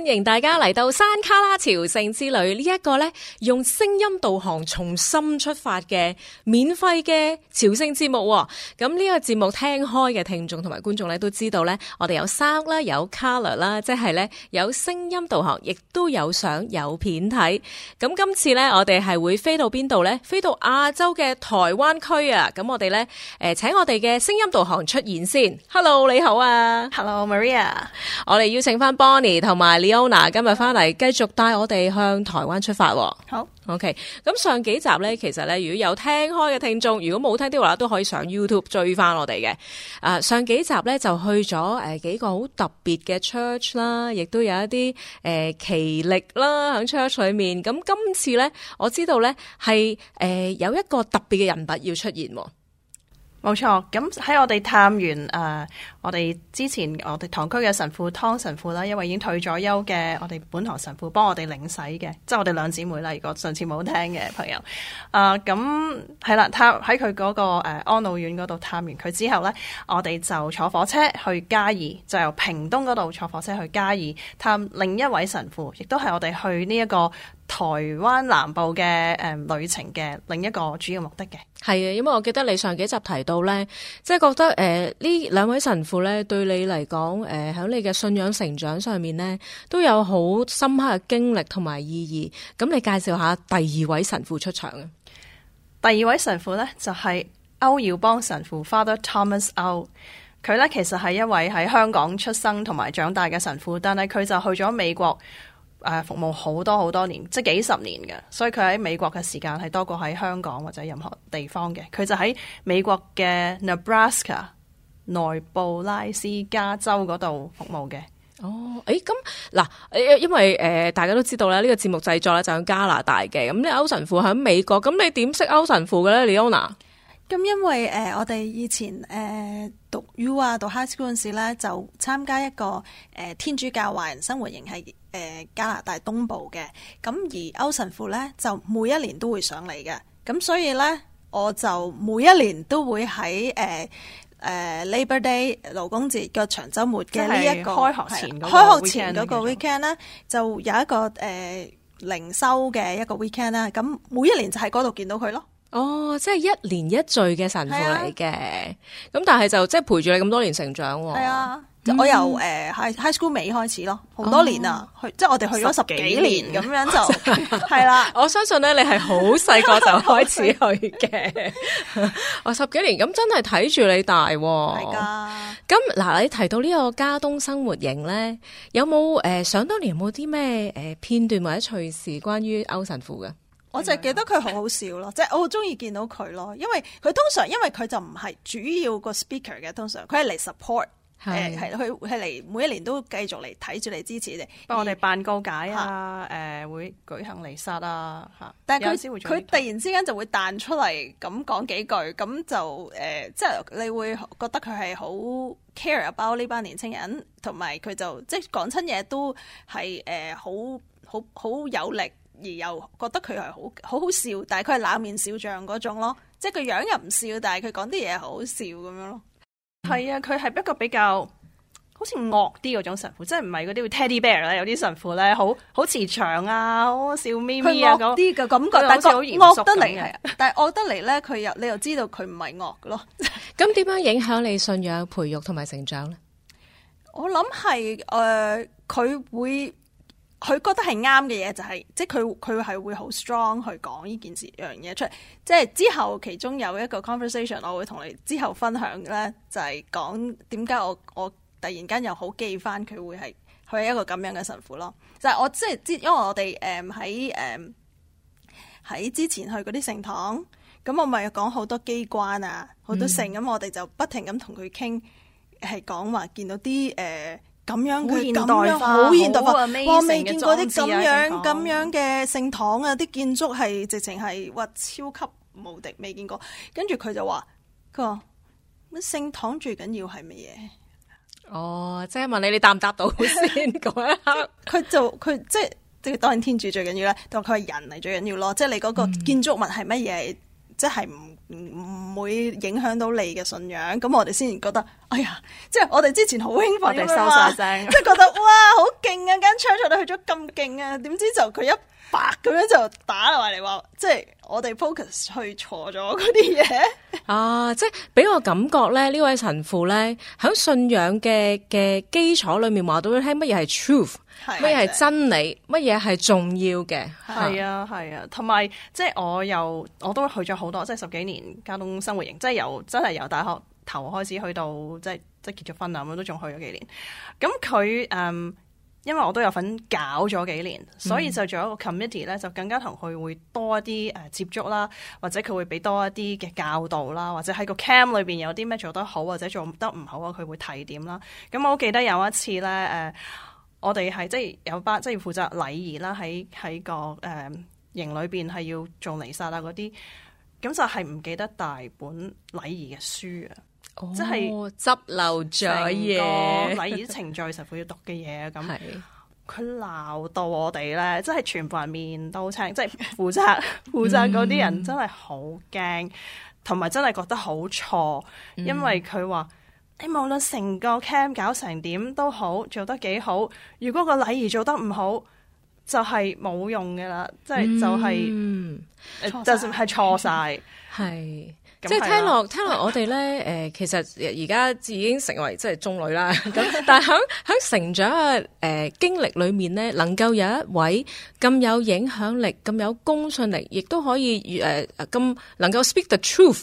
歡迎大家嚟到《山卡拉朝聖之旅》呢、這、一個咧用聲音導航重新出發嘅免費嘅朝聖節目。咁、這、呢個節目聽開嘅聽眾同埋觀眾咧都知道咧，我哋有聲啦，有 color 啦，即係咧有聲音導航，亦都有相有片睇。咁今次咧我哋係會飛到邊度咧？飛到亞洲嘅台灣區啊！咁我哋咧誒，請我哋嘅聲音導航出現先。Hello，你好啊！Hello，Maria。Hello, Maria 我哋邀請翻 Bonny 同埋。iona 今日翻嚟，繼續帶我哋向台灣出發。好，OK。咁上幾集呢？其實呢，如果有聽開嘅聽眾，如果冇聽啲話，都可以上 YouTube 追翻我哋嘅。啊，上幾集呢，就去咗誒、呃、幾個好特別嘅 church 啦，亦都有一啲誒、呃、奇力啦喺 church 裏面。咁今次呢，我知道呢係誒、呃、有一個特別嘅人物要出現。冇錯，咁喺我哋探完誒、呃，我哋之前我哋堂區嘅神父湯神父啦，因為已經退咗休嘅，我哋本堂神父幫我哋領洗嘅，即係我哋兩姊妹啦。如果上次冇聽嘅朋友，誒、呃，咁係啦，探喺佢嗰個誒安老院嗰度探完佢之後呢，我哋就坐火車去嘉義，就由屏東嗰度坐火車去嘉義探另一位神父，亦都係我哋去呢、這、一個台灣南部嘅誒、呃、旅程嘅另一個主要目的嘅，係啊，因為我記得你上幾集提到咧，即係覺得誒呢兩位神父咧對你嚟講誒喺你嘅信仰成長上面咧都有好深刻嘅經歷同埋意義。咁你介紹下第二位神父出場啊？第二位神父咧就係區耀邦神父 Father Thomas 區，佢咧其實係一位喺香港出生同埋長大嘅神父，但係佢就去咗美國。誒，服務好多好多年，即係幾十年嘅，所以佢喺美國嘅時間係多過喺香港或者任何地方嘅。佢就喺美國嘅 Nebraska（ 內布拉斯加州）嗰度服務嘅。哦，誒、欸，咁嗱，因為誒、呃、大家都知道咧，呢、這個節目製作咧就喺加拿大嘅，咁呢區神父喺美國，咁你點識區神父嘅咧，Leeon？咁因為誒、呃，我哋以前誒、呃、讀 U 啊，讀 high school 嗰陣時咧，就參加一個誒、呃、天主教華人生活營，係、呃、誒加拿大東部嘅。咁而區神父咧，就每一年都會上嚟嘅。咁所以咧，我就每一年都會喺誒誒 Labor Day 勞工節個長周末嘅呢一個係開學前，開學前嗰個 weekend 咧，就有一個誒靈、呃、修嘅一個 weekend 啦。咁每一年就喺嗰度見到佢咯。哦，即係一年一聚嘅神父嚟嘅，咁是、啊、但係就即係陪住你咁多年成長。係啊，嗯、我由誒喺 high school 尾開始咯，好多年啊，哦、去即係我哋去咗十幾年咁樣就係啦。 對了 我相信咧，你係好細個就開始去嘅，哇， 十幾年咁真係睇住你大。係噶是的，咁嗱，你提到呢個加東生活營咧，有冇誒想當年有冇啲咩誒片段或者趣事關於區神父嘅？我就係記得佢好好笑咯，即係 我好中意見到佢咯，因為佢通常因為佢就唔係主要個 speaker 嘅，通常佢係嚟 support 誒的，係佢係嚟每一年都繼續嚟睇住你支持你。幫的我哋辦告解啊，誒的、呃、會舉行彌撒啊，嚇。但係他佢突然之間就會彈出嚟咁講幾句，咁就誒，即、呃、係、就是、你會覺得佢係好 care about 呢班年青人，同埋佢就即係講親嘢都係誒好好好有力。而又覺得佢係好好好笑，但係佢係冷面笑匠嗰種咯，即係佢樣又唔笑，但係佢講啲嘢好好笑咁樣咯。係、嗯、啊，佢係一個比較好似惡啲嗰種神父，即係唔係嗰啲會 Teddy Bear 啦，有啲神父咧，好好慈祥啊，好笑眯眯啊咁。惡啲嘅感覺，好但係惡得嚟係啊！ 但係惡得嚟咧，佢又你又知道佢唔係惡咯。咁 點樣影響你信仰培育同埋成長咧？我諗係誒，佢、呃、會。佢覺得係啱嘅嘢就係、是，即係佢佢係會好 strong 去講呢件事樣嘢出嚟。即係之後其中有一個 conversation，我會同你之後分享咧，就係講點解我我突然間又好記返佢會係佢係一個咁樣嘅神父咯。就係、是、我即係，即因為我哋誒喺誒喺之前去嗰啲聖堂，咁我咪講好多機關啊，好多聖咁，嗯、我哋就不停咁同佢傾，係講話見到啲誒。呃咁樣佢咁樣好現代化，我未見過啲咁樣咁樣嘅聖堂啊！啲建築係直情係話超級無敵未見過，跟住佢就話佢話聖堂最緊要係乜嘢？哦，即係問你你答唔答到先？講一下，佢就佢即係即係當然天主最緊要啦，但佢係人嚟最緊要咯，即係、嗯、你嗰個建築物係乜嘢？即係唔唔會影響到你嘅信仰，咁我哋先至覺得，哎呀！即係我哋之前好興奮咁樣收晒聲 啊，即係覺得哇，好勁啊！間槍材都去咗咁勁啊，點知就佢一～白咁樣就打落嚟，話，即係我哋 focus 去錯咗嗰啲嘢。啊，即係俾我感覺咧，呢位神父咧，喺信仰嘅嘅基礎裏面話到你聽乜嘢係 truth，乜嘢係真理，乜嘢係重要嘅。係啊，係啊，同埋即係我又我都去咗好多，即係十幾年加東生活營，即係由真係由大學頭開始去到即係即係結咗婚啊咁都仲去咗幾年。咁佢嗯。因為我都有份搞咗幾年，所以就做一個 committee 咧，就更加同佢會多一啲誒接觸啦，或者佢會俾多一啲嘅教導啦，或者喺個 camp 裏邊有啲咩做得好，或者做得唔好啊，佢會睇點啦。咁我好記得有一次咧，誒、呃、我哋係即係有班即係負責禮儀啦，喺喺個誒、呃、營裏邊係要做彌撒啦嗰啲，咁就係唔記得大本禮儀嘅書啊。即係執漏咗嘢，禮儀、哦、程序實乎 要讀嘅嘢咁，佢鬧到我哋咧，即係全部人面都青，即係負責負責嗰啲人真係好驚，同埋、嗯、真係覺得好錯，因為佢話你無論成個 camp 搞成點都好，做得幾好，如果個禮儀做得唔好，就係、是、冇用㗎喇，即係就係，就算係錯晒，係。即係聽落聽落，我哋咧誒，其實而家已經成為即係中女啦。咁但係響響成長誒、呃、經歷裏面咧，能夠有一位咁有影響力、咁有公信力，亦都可以誒咁、呃、能夠 speak the truth 誒、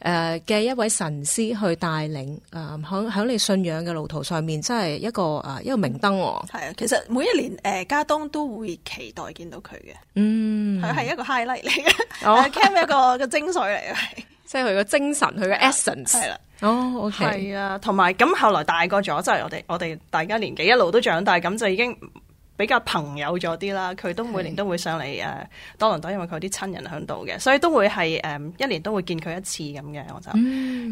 呃、嘅一位神師去帶領誒響響你信仰嘅路途上面，真係一個誒、呃、一個明燈、哦。係啊，其實每一年誒、呃、加東都會期待見到佢嘅，嗯，佢係一個 highlight 嚟嘅，係 camp 一個嘅精髓嚟嘅。即係佢個精神，佢個 essence 係、啊、啦。哦、oh，OK，係啊，同埋咁後來大個咗，即、就、係、是、我哋我哋大家年紀一路都長大，咁就已經比較朋友咗啲啦。佢都每年都會上嚟誒、呃、多倫多，因為佢有啲親人喺度嘅，所以都會係誒、嗯、一年都會見佢一次咁嘅。我就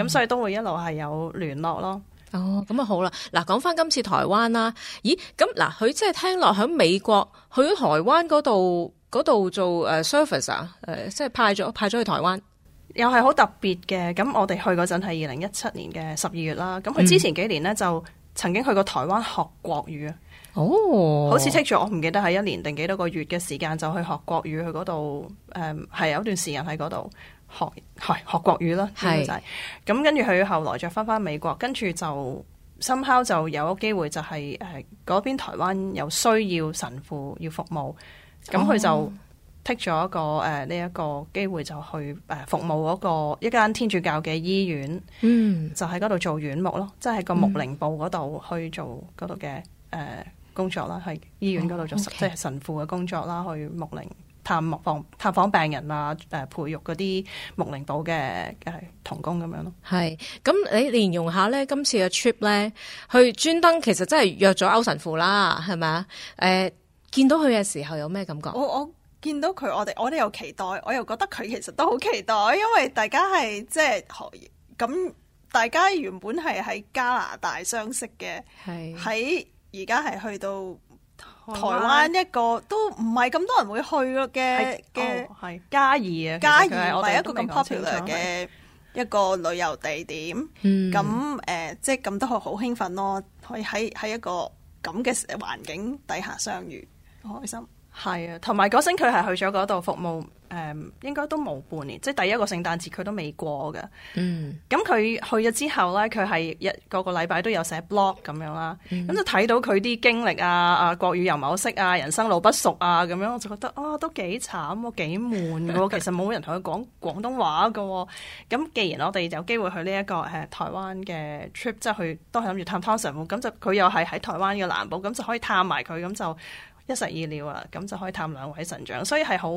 咁，所以都會一路係有聯絡咯。嗯、哦，咁啊好啦，嗱講返今次台灣啦。咦？咁嗱，佢即係聽落喺美國去咗台灣嗰度度做誒 service 啊，誒、呃、即係派咗派咗去台灣。又係好特別嘅，咁我哋去嗰陣係二零一七年嘅十二月啦。咁佢之前幾年呢，嗯、就曾經去過台灣學國語啊。哦，好似 take 咗，我唔記得係一年定幾多個月嘅時間就去學國語，去嗰度誒係有段時間喺嗰度學係學，學國語啦。係是，咁跟住佢後來再翻翻美國，跟住就 somehow 就有個機會，就係誒嗰邊台灣有需要神父要服務，咁佢就。哦剔咗一個誒呢一個機會就去誒、呃、服務嗰個一間天主教嘅醫院，嗯，就喺嗰度做院牧咯，嗯、即係個牧靈部嗰度去做嗰度嘅誒工作啦、哦 okay，去醫院嗰度做即係神父嘅工作啦，去牧靈探牧訪探訪病人啊，誒、呃、培育嗰啲牧靈部嘅誒同工咁樣咯。係。咁你連容下咧，今次嘅 trip 咧去專登，其實真係約咗歐神父啦，係咪啊？誒、呃、見到佢嘅時候有咩感覺？我我。見到佢，我哋我哋又期待，我又覺得佢其實都好期待，因為大家係即係咁，大家原本係喺加拿大相識嘅，喺而家係去到台灣一個灣都唔係咁多人會去嘅嘅，係、哦、嘉義以嘉義唔係一個咁 popular 嘅一個旅遊地點。咁誒、嗯呃，即係咁都係好興奮咯，可以喺喺一個咁嘅環境底下相遇，好開心。係啊，同埋嗰陣佢係去咗嗰度服務，誒、嗯、應該都冇半年，即係第一個聖誕節佢都未過嘅。嗯，咁佢去咗之後咧，佢係一個個禮拜都有寫 blog 咁樣啦，咁、嗯、就睇到佢啲經歷啊，啊國語又冇識啊，人生路不熟啊，咁樣我就覺得啊、哦，都幾慘喎、啊，幾悶喎、啊， 其實冇人同佢講廣東話嘅喎、啊。咁既然我哋有機會去呢一個誒台灣嘅 trip，即係去都係諗住探湯神父，咁就佢又係喺台灣嘅南部，咁就可以探埋佢，咁就。一石二鳥啊，咁就可以探兩位神長，所以係好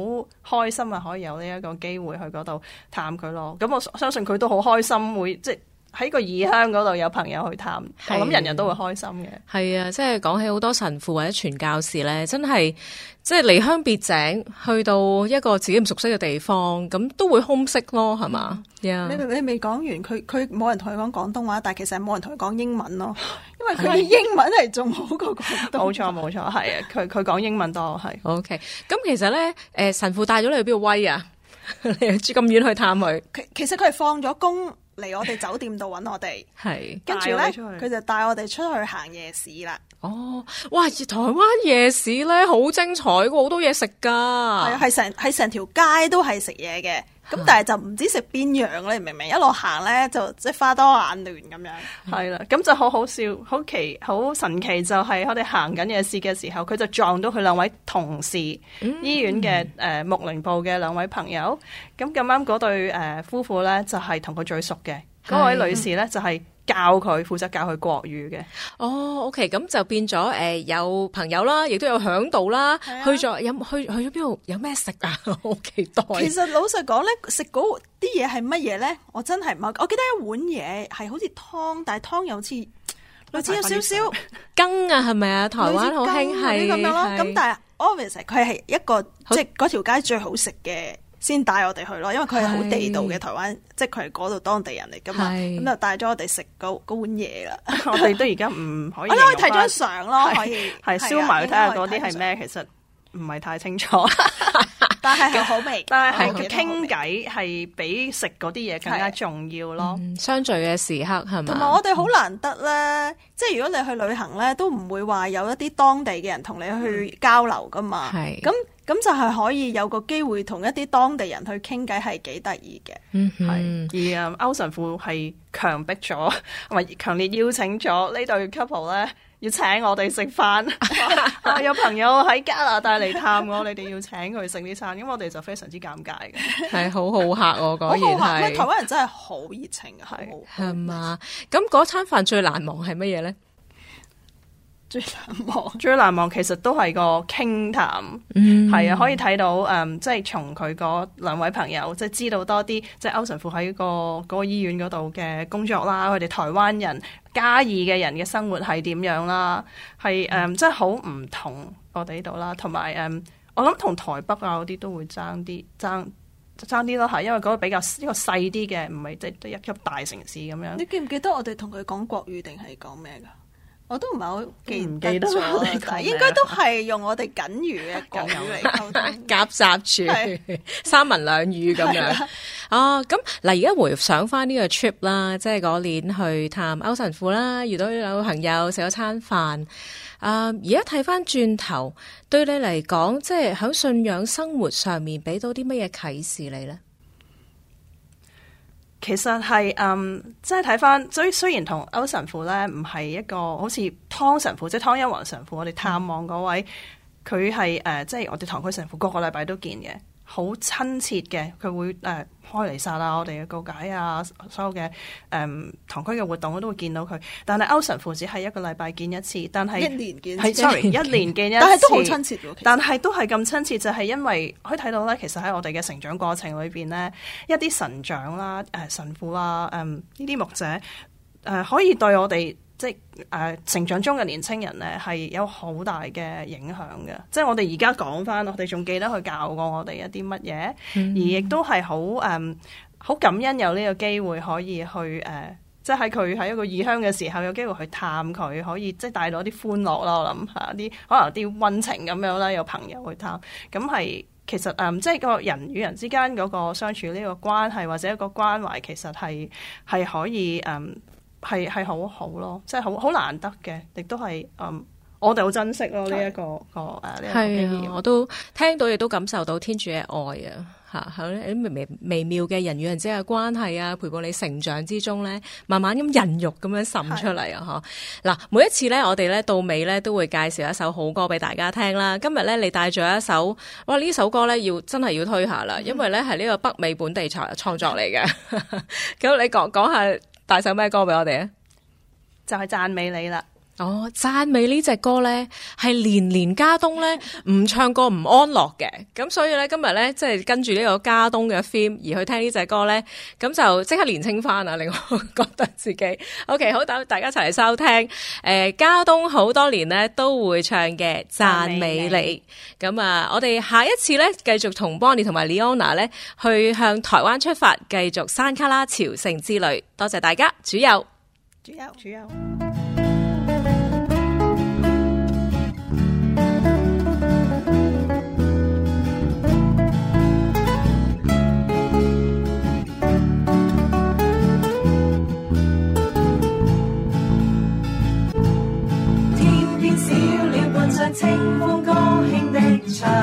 開心啊，可以有呢一個機會去嗰度探佢咯。咁我相信佢都好開心，會即喺個異鄉嗰度有朋友去探，啊、我諗人人都會開心嘅。係啊，即係講起好多神父或者傳教士咧，真係即係離鄉別井，去到一個自己唔熟悉嘅地方，咁都會 homesick 咯，係嘛？嗯、Yeah 你你未講完，佢佢冇人同佢講廣東話，但係其實冇人同佢講英文咯，因為佢啲英文係仲好過廣東話。冇錯冇錯，係啊，佢佢講英文多係。O K，咁其實咧，誒，神父帶咗你去邊度威啊？ 你又住咁遠去探佢。其其實佢係放咗工。嚟我哋酒店度揾我哋，係跟住呢，佢就帶我哋出去行夜市啦。哦，哇！而台灣夜市呢，好精彩，好多嘢食噶，係成係成條街都係食嘢嘅。咁但係就唔知食邊樣，你明唔明？一路行咧，就即係花多眼亂咁樣。係 啦，咁 就好好笑，好奇、好神奇就係我哋行緊夜市嘅時候，佢就撞到佢兩位同事，嗯、醫院嘅誒、呃、牧靈部嘅兩位朋友。咁咁啱嗰對、呃、夫婦咧就係同佢最熟嘅，嗰位的女士咧就係、是。教佢，負責教佢國語嘅。哦、oh，OK，咁就變咗誒、呃、有朋友啦，亦都有響度啦。啊、去咗有去去咗邊度？有咩食啊？我好 期待。其實老實講咧，食嗰啲嘢係乜嘢咧？我真係唔係。我記得一碗嘢係好似湯，但係湯有似類似有少少羹啊，係咪啊？台灣好興係咁樣咯。咁但係，obviously 佢係一個是即係嗰條街最好食嘅。先帶我哋去咯，因為佢係好地道嘅台灣，即係佢係嗰度當地人嚟噶嘛，咁就帶咗我哋食嗰碗嘢啦。我哋都而家唔可以，我哋可以睇張相咯，可以係燒埋去睇下嗰啲係咩，其實唔係太清楚。但係佢好味，但係佢傾偈係比食嗰啲嘢更加重要咯。相聚嘅時刻係嘛？同埋我哋好難得咧，即係如果你去旅行咧，都唔會話有一啲當地嘅人同你去交流噶嘛。係咁。咁就係可以有個機會同一啲當地人去傾偈，係幾得意嘅。係、嗯、哼而區神父係強迫咗，或強烈邀請咗呢對 couple 咧，要請我哋食飯。 有朋友喺加拿大嚟探我， 你哋要請佢食呢餐，咁 我哋就非常之尷尬嘅。係好 好客，我講係台灣人真係好熱情，係係嘛。咁嗰餐飯最難忘係乜嘢咧？最難忘，最難忘其實都係個傾談、嗯，係啊，可以睇到誒、嗯，即係從佢嗰兩位朋友，即係知道多啲，即係區神父喺、嗰個嗰、嗰個醫院嗰度嘅工作啦。佢哋台灣人嘉義嘅人嘅生活係點樣啦？係誒，即係好唔同我哋呢度啦。同埋誒，我諗同、嗯、台北啊嗰啲都會爭啲，爭爭啲咯。係因為嗰個比較呢、呢個細啲嘅，唔係即係一級大城市咁樣。你記唔記得我哋同佢講國語定係講咩噶？我都唔係好記唔記得，應該都係用我哋僅餘嘅國語嚟溝通，夾 雜住是三文兩語咁樣。哦的，咁嗱、啊，而家回想翻呢個 trip 啦，即係嗰年去探區神父啦，遇到有朋友食咗餐飯。誒，而家睇翻轉頭，對你嚟講，即係喺信仰生活上面俾到啲乜嘢啟示你咧？其實係嗯，即係睇返，雖雖然同歐神父咧，唔係一個好似湯神父，即係湯一華神父，我哋探望嗰位，佢係誒，即係我哋堂區神父，個個禮拜都見嘅，好親切嘅，佢會誒。呃開彌撒啦，我哋嘅告解啊，所有嘅誒堂區嘅活動，我都會見到佢。但係歐神父只係一個禮拜見一次，但係一年見 sorry 一年見一次，但係都好親切。 但係都係咁親切，就係、是、因為可以睇到咧，其實喺我哋嘅成長過程裏邊咧，一啲神長啦，誒、呃、神父啦、嗯呢啲牧者誒、呃，可以對我哋。即係、呃、成長中嘅年青人咧，係有好大嘅影響嘅。即係我哋而家講返，我哋仲記得佢教過我哋一啲乜嘢。嗯、而亦都係好誒好感恩有呢個機會可以去誒、呃，即係佢喺一個異鄉嘅時候有機會去探佢，可以即係帶到啲歡樂啦。我諗嚇啲可能啲溫情咁樣啦，有朋友去探，咁係其實誒、嗯，即係個人與人之間嗰個相處呢個關係或者一個關懷，其實係係可以誒。嗯係係好好咯，即係好好難得嘅，亦都係嗯，我哋好珍惜咯呢一個個誒，係、啊、的我都聽到亦都感受到天主嘅愛啊，吓喺微妙嘅人與人之間嘅關係啊，陪伴你成長之中咧，慢慢咁人肉咁樣滲出嚟的啊，嗬！嗱，每一次咧，我哋咧到尾咧都會介紹一首好歌俾大家聽啦。今日咧，你帶咗一首，哇！呢首歌咧要真係要推下啦，因為咧係呢個北美本地創創作嚟嘅。咁 你講講，講下。帶首咩歌畀我哋啊？就係讚美你啦。哦，讚美呢隻歌呢，係年年加冬呢唔唱歌唔安樂嘅，咁 所以呢，今日呢，即係跟住呢個加冬嘅 film 而去聽呢隻歌呢，咁就即刻年輕翻喇！令我覺得自己，OK，好，大家一齊嚟收聽。誒、呃，加冬好多年呢都會唱嘅讚美你，咁啊，我哋下一次呢，繼續同 Bonny 同埋 Leeon 呢去向台灣出發，繼續山卡拉朝聖之旅。多謝大家，主有！主有！主有！清風高興的唱。